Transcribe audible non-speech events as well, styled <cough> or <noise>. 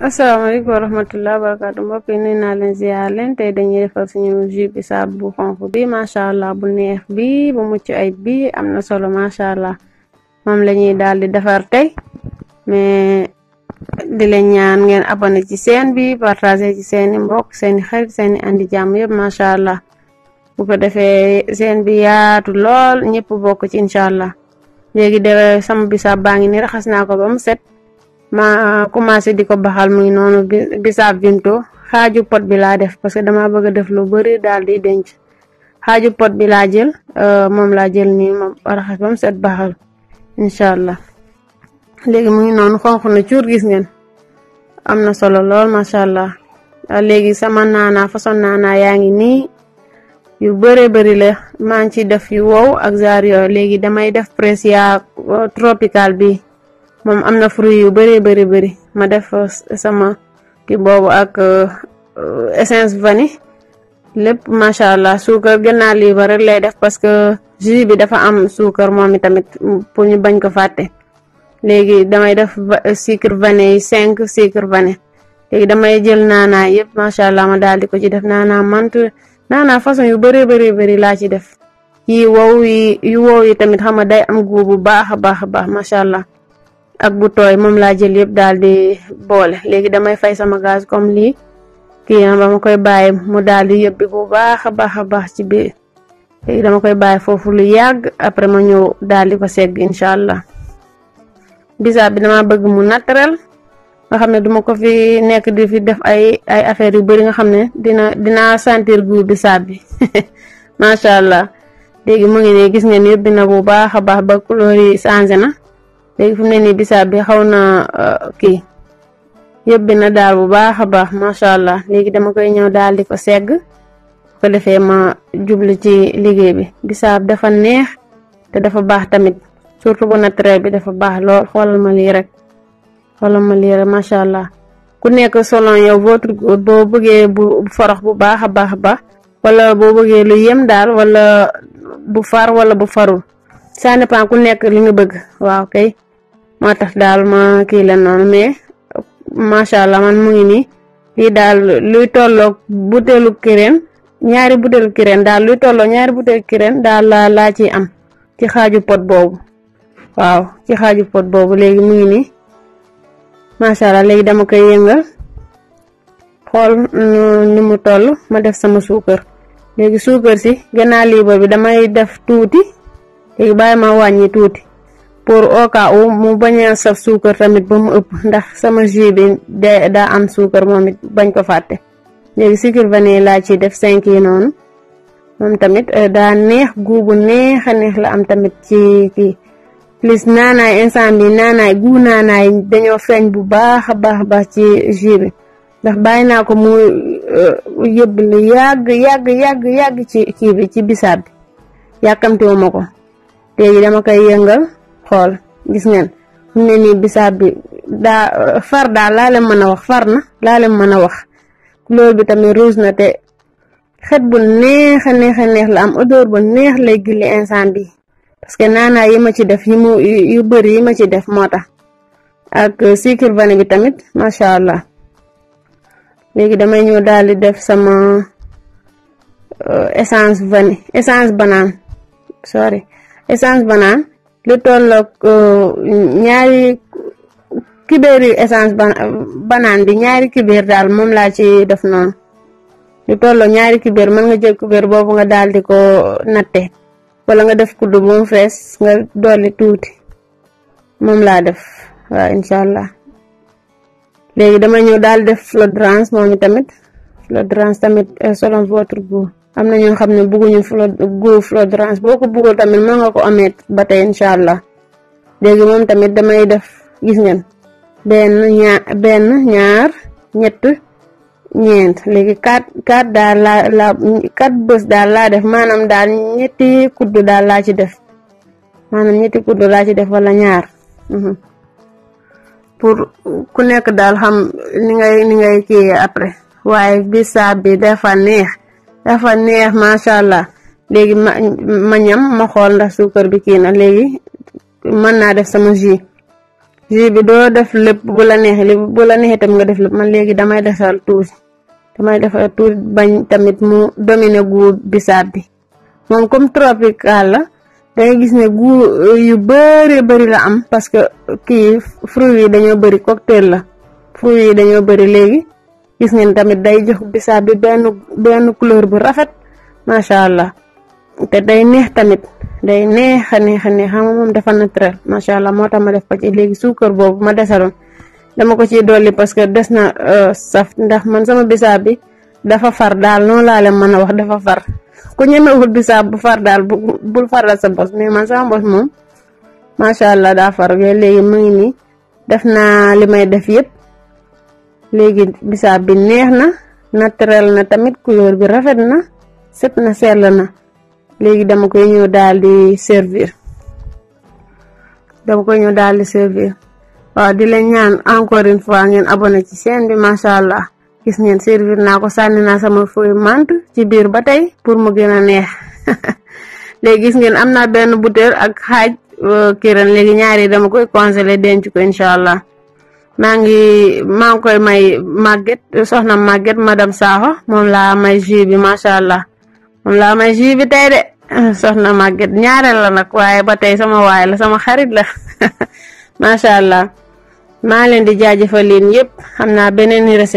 assalamu aleykum warahmatullah wabarakatuh. mbokk yi nuyu naa leen ziar leen tey dañuy defal suñu jus bisaab bu bi macha allah bu e neex bi ya bu mucc ay bi am na solo macha allah moom la ñuy daal di defar tey mais di leen ñaan ngeen abonné ci seen bi partagé ci seeni mbokk seeni xarit seeni andi jàmm yëpp macha allah bu ko defee seen bi yaatu lool ñëpp bokk ci incha allah léegi de sama bisaab baa ngi ni raxas naa ko ba mu set ma commencé di baxal muy nonu noonu vinto xaju pot bi la def parce que dama bëgg def lu bari dal di denc xaju pot bi la jël eh, mom la jël ni mom raxas bam set baxal inshallah allah muy nonu xonxu na ciur gis ngeen amna na solo lool macha allah eh, léegi sama nana façon naana yaa ngi yu bëree bëri la maa ngi ci def yu wow ak zaar yo léegi damay def presse eh, tropical bi mom amna fruit yu bari bari bari ma def eh, sama ki bobu ak eh, essence vanille lépp macha allah suukar gën naa ba rek lay def parce que jus bi dafa am sucre momi tamit pour ñu bañ ko faté légui damay def eh, sucre vanille 5 sucre vanille légui damay jël naanaa yëpp macha allah ma dal di ko ci def nana mantu nana façon yu bari bari bari la ci def yi wow yi yu wow yi tamit xama day am guubu baax baax baax allah ak bu toy mom la jël yépp dal di boole léegi damay fay sama gaz comme lii client ba ma koy bàyyi mu dal di yëbbi bu baax a baax a baax ci biir léegi dama koy bàyyi foofu lu yàgg après ma ñëw dal di ko segg incha allah bi dama bëgg mu naturel nga xam duma ko fi nekk di fi def ay ay affaire yu bëri nga xam ne dina dinaa sentir goût bisaab bi <laughs> macha allah léegi mu ngi ne gis ngeen yëbbi na bu baax baax ba couleur yi changé na léegi fu ne bi xawna ki uh, kii na dal bu baax a baax macha allah léegi dama koy ñew dal di ko segg bu ko ma jublu ci liggéey bi bisab dafa neex te dafa baax tamit surtout bu naturel bi dafa baax lool xolal ma li rek xolal ma li rek macha allah ku nekk selon yow boo boo bëggé bu forox bu baakha baax ba wala bo bëggé lu yem dal wala bu far wala bu farul ça dépend ku nekk li nga bëgg waaw kay motax dalma ma Masha la non mais macha allah man mu ngi ni li dal luy tolloog butéelu kiren ñaari butéelu kiren dal luy tolloo ñaari butéelu kiren dal la la ci am ci xaju pot bobu waaw ci xaju pot bobu léegi mu ngi nii macha allah léegi dama koy yëngal xol ni mu ma def sama sucre léegi sucre si gannaaw liibar bi damay def tuti, léegi bayima wañi wàññi pour au cas mu bañ a suukar tamit ba mu ëpp ndax sama jus bi da am suukar moom it bañ ko fàtte léegi sucre vanille laa ci def cinq noonu moom tamit euh, daa neex guubu neex a neex la am tamit ci kii plus naanaay instant bi naanaay guu naanaay dañoo feeñ bu baax a baax baax ci jus bi ndax bàyyi naa ko mu euh, yëbb lu yàgg yàgg yàgg yàgg ci kii bi ci bisaab bi yàkkamtiwu ma ko léegi dama koy yëngal xol gis ngeen xam ne ni bisab bi da far da la le meuna wax far na laa leen mën wax couleur bi tamit rouge na te xet bu neex neex neex la am odeur bu neex lay gulli instant bi parce que nana yi ma ci def yi mu yu beuri yi ma ci def moo ak sucre vanille bi tamit macha allah léegi damay ñëw dal di def sama euh, essence vanille essence banane sorry essence banane lu tolok ñaari kiberi essence banan bi ñaari kiber dal mom la ci def non lu tolo ñaari kiber man nga jël kiber bobu nga dal di ko natte wala nga def kuddu bu mu nga doli tuuti mom la def wa inshallah allah dama ñëw dal def flodrance de tamit flodrance euh, tamit selon votre goût amna ñoo xamne bëggu ñu flo go flo trans boko bëggul tamit ma nga ko amé batay inshallah légui mom tamit damay def gis ngeen ben ñaar ben ñaar ñett ñent légui kat kat da la la kat bëss da la def manam da ñetti kuddu da la ci def manam ñetti kuddu la ci def wala ñaar mhm. pour ku nekk dal xam ni ngay ni ngay kii après bi sa bi defa neex dafa neex macha allah ma ñam ma xol ndax sukar bi kii na léegi mën naa def sama ji ji bi do def lepp bu la neex li bu la neex tam nga def lepp man legi damay defal tuuti damay defal tour bañ tamit mu dominer guu bisaab bi mom comme tropical la da nga gis ne gu yu beure beuri la am parce que ki fruit yi dañu beuri cocktail la fruit yi dañu beuri legi gis ngeen tamit day jox bisaab bi benn benn couleur bu rafet macha allah te day neex tamit day neex a neex a neex xam nga moom dafa naturel macha allah moo tax ma def ko ci léegi suukar boobu ma desaloon dama ko ciy dolli parce que des na euh, saf ndax man sama bisaab bi dafa far daal noonu laa leen mën a wax dafa far ku ñemewul bisaab bu far daal bul faral sa bos mais man sama bos moom macha allah daa far léegi mu ngi nii def naa li may def yëpp. léegi bisaab bi neex na naturel na tamit couleur bi rafet na set na sell na léegi dama koy ñëw daal di servir dama koy ñëw daal di servir waaw di la ñaan encore une fois ngeen abonné ci chaîne bi macha allah gis ngeen servir naa ko sànni naa sama feuille menthe ci biir ba tey pour mu gën a neex <laughs> léegi gis ngeen am naa benn butéel ak xaaj euh, kiran léegi ñaari dama koy congelé denc ko incha allah maa ngi maa ngi koy may Maguette soxna Maguette madam Sakho moom laa may jus bi macha allah moom laa may jus bi tey de <laughs> soxna Maguette ñaareel la nag waaye ba tey sama waay la sama xarit la <laughs> macha allah maa leen di jaajëfal leen yëpp xam naa beneen recette